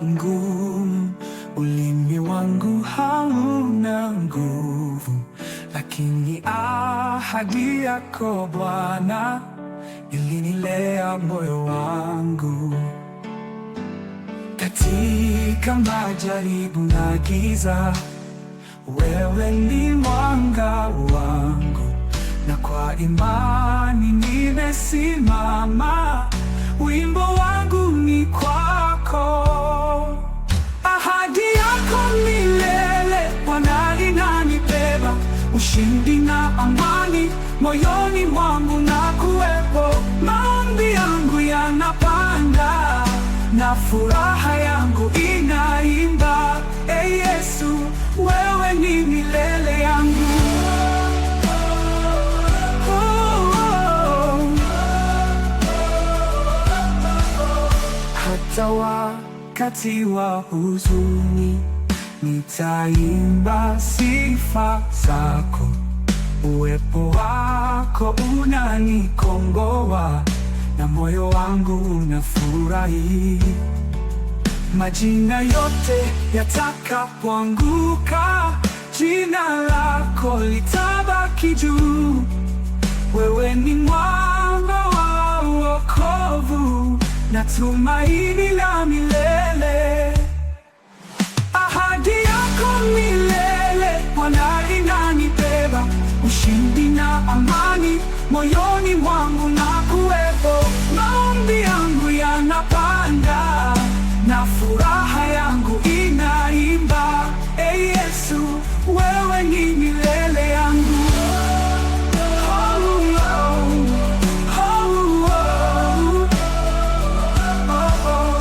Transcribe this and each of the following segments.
ngumu, ulimi wangu hauna nguvu, lakini ahadi yako Bwana ilinilea moyo wangu katika majaribu na giza, wewe ni mwanga wangu, na kwa imani nimesimama. Wimbo wangu ni kwako. ushindi na amani moyoni mwangu na kuwepo, maombi yangu yanapanda na furaha yangu inaimba. e Yesu, wewe ni milele yangu. hata wakati wa huzuni nitaimba sifa zako, uwepo wako unanikomboa na moyo wangu unafurahi. Majina yote yatakapoanguka, jina lako litabaki juu. Wewe ni mwanga wa wokovu na tumaini la milele. amani moyoni mwangu na kuwepo, maombi yangu yanapanda na furaha yangu inaimba. E Yesu, wewe ni milele yangu. Oh, oh, oh,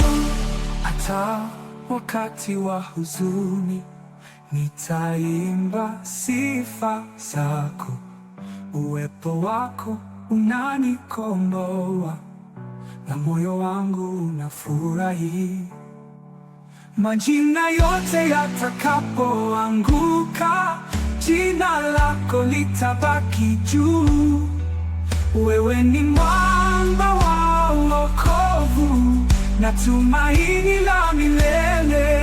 Hata wakati wa huzuni nitaimba sifa zako. Uwepo wako unanikomboa na moyo wangu unafurahi. Majina yote yatakapoanguka, jina lako litabaki juu. Wewe ni mwamba wa wokovu na tumaini la milele.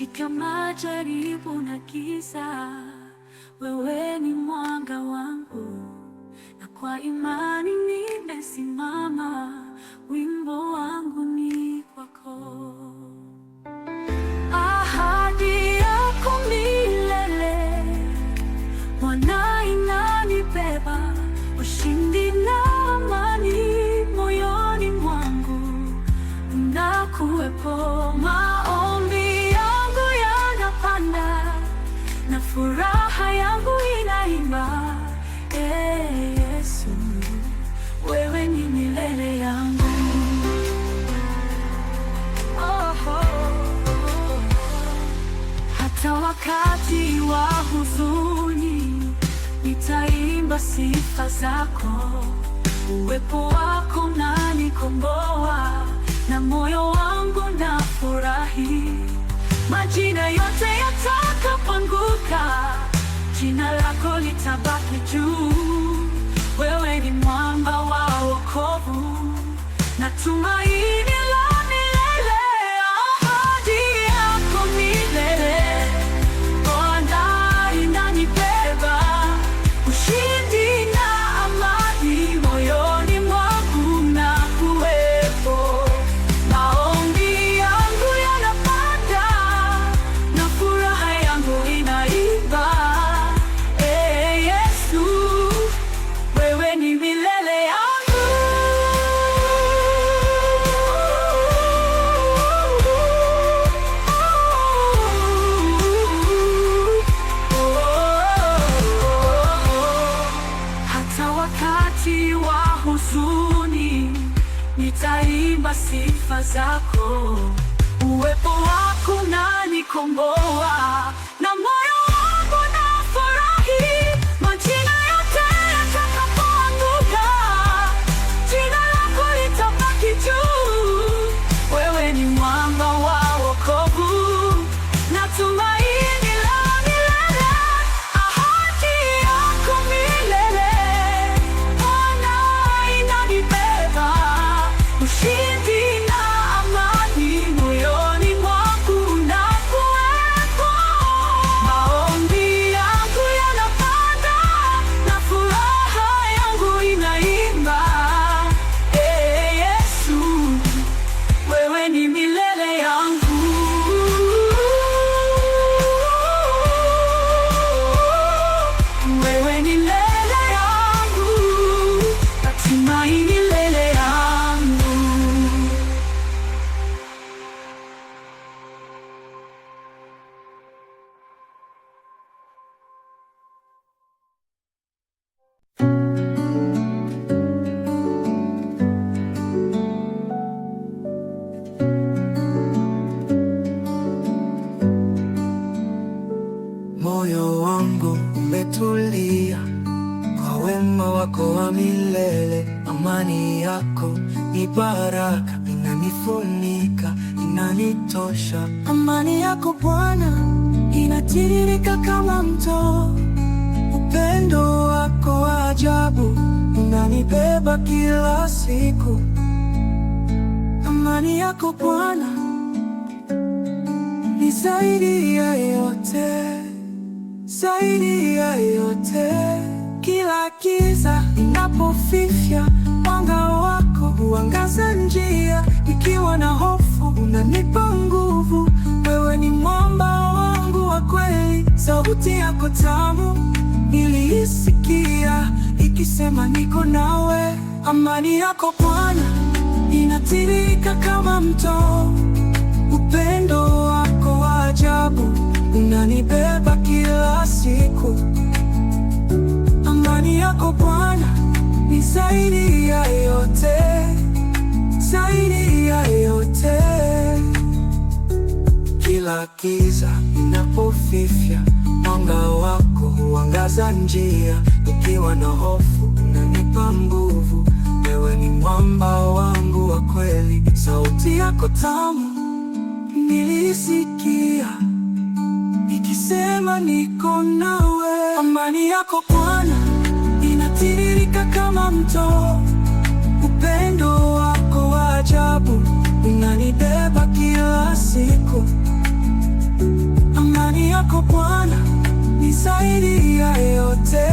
katika majaribu na giza, wewe ni mwanga wangu, na kwa imani nimesimama. Wimbo wangu ni kwako. wakati wa huzuni, nitaimba sifa zako. Uwepo wako unanikomboa, na moyo wangu na furahi. Majina yote yatakapoanguka, jina lako litabaki juu. Wewe ni mwamba wa wokovu, natumai wakati wa huzuni, nitaimba sifa zako. Uwepo wako unanikomboa wako wa milele. Amani yako ni baraka, inanifunika, inanitosha. Amani yako Bwana inatiririka kama mto. Upendo wako wa ajabu unanibeba kila siku. Amani yako Bwana ni zaidi ya yote, zaidi ya yote. Kila giza inapofifia, mwanga wako huangaza njia. ikiwa na hofu, unanipa nguvu. Wewe ni mwamba wangu wa kweli. Sauti yako tamu niliisikia ikisema, niko nawe. Amani yako Bwana inatirika kama mto. Upendo wako wa ajabu unanibeba kila siku. Imani yako Bwana ni zaidi ya yote, zaidi ya yote. Kila giza inapofifia, mwanga wako huangaza njia. Ukiwa na hofu, unanipa nguvu. Wewe ni mwamba wangu wa kweli. Sauti yako tamu nilisikia ikisema, niko nawe. Amani yako Bwana mto. Upendo wako wa ajabu unanibeba kila siku. Amani yako Bwana ni zaidi ya yote,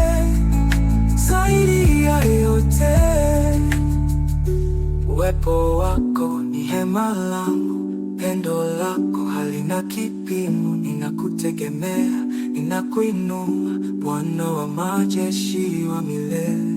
zaidi ya yote. Uwepo wako ni hema langu, pendo lako halina kipimo. Ninakutegemea, ninakuinua, Bwana wa majeshi wa milele.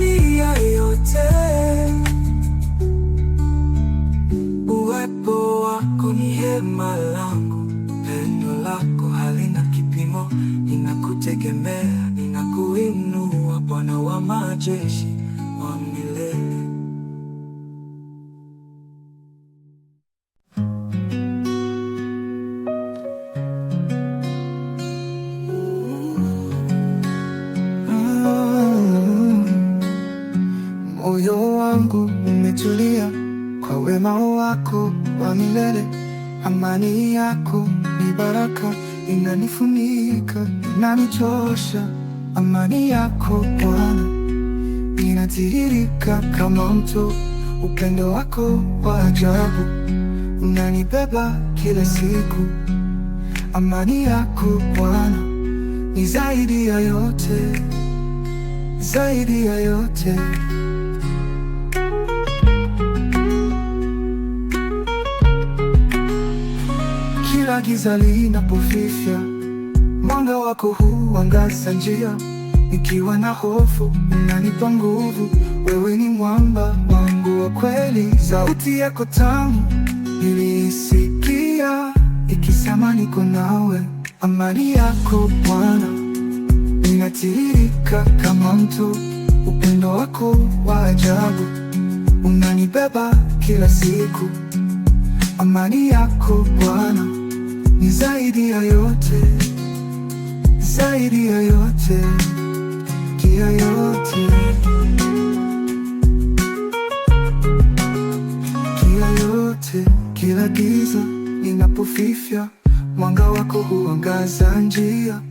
hema langu pendo lako halina kipimo, ninakutegemea, ninakuinua, Bwana wa majeshi wa milele. Mm. Moyo wangu umetulia kwa wema wako wa milele. Amani yako ni baraka, inanifunika inanichosha. Amani yako Bwana inatiririka kama mto. Upendo wako wa ajabu unanibeba kila siku. Amani yako Bwana ni zaidi ya yote, zaidi ya yote. Kila giza linapofifia, mwanga wako huangaza njia. Nikiwa na hofu, unanipa nguvu. Wewe ni mwamba wangu wa kweli. Sauti yako tamu niliisikia ikisema, niko nawe. Amani yako Bwana inatiririka kama mto. Upendo wako wa ajabu unanibeba kila siku. Amani yako Bwana ni zaidi ya yote, zaidi ya yote, kia yote, kia yote. Kila giza ninapofifia, mwanga wako huangaza njia.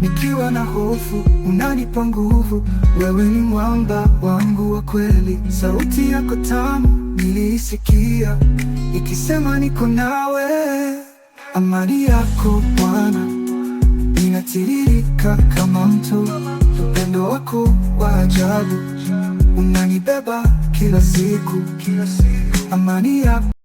Nikiwa na hofu, unanipa nguvu. Wewe ni mwamba wangu wa kweli. Sauti yako tamu niliisikia, ikisema niko nawe. Amani yako Bwana inatiririka kama mto, upendo wako wa ajabu unanibeba kila siku, kila siku amani yako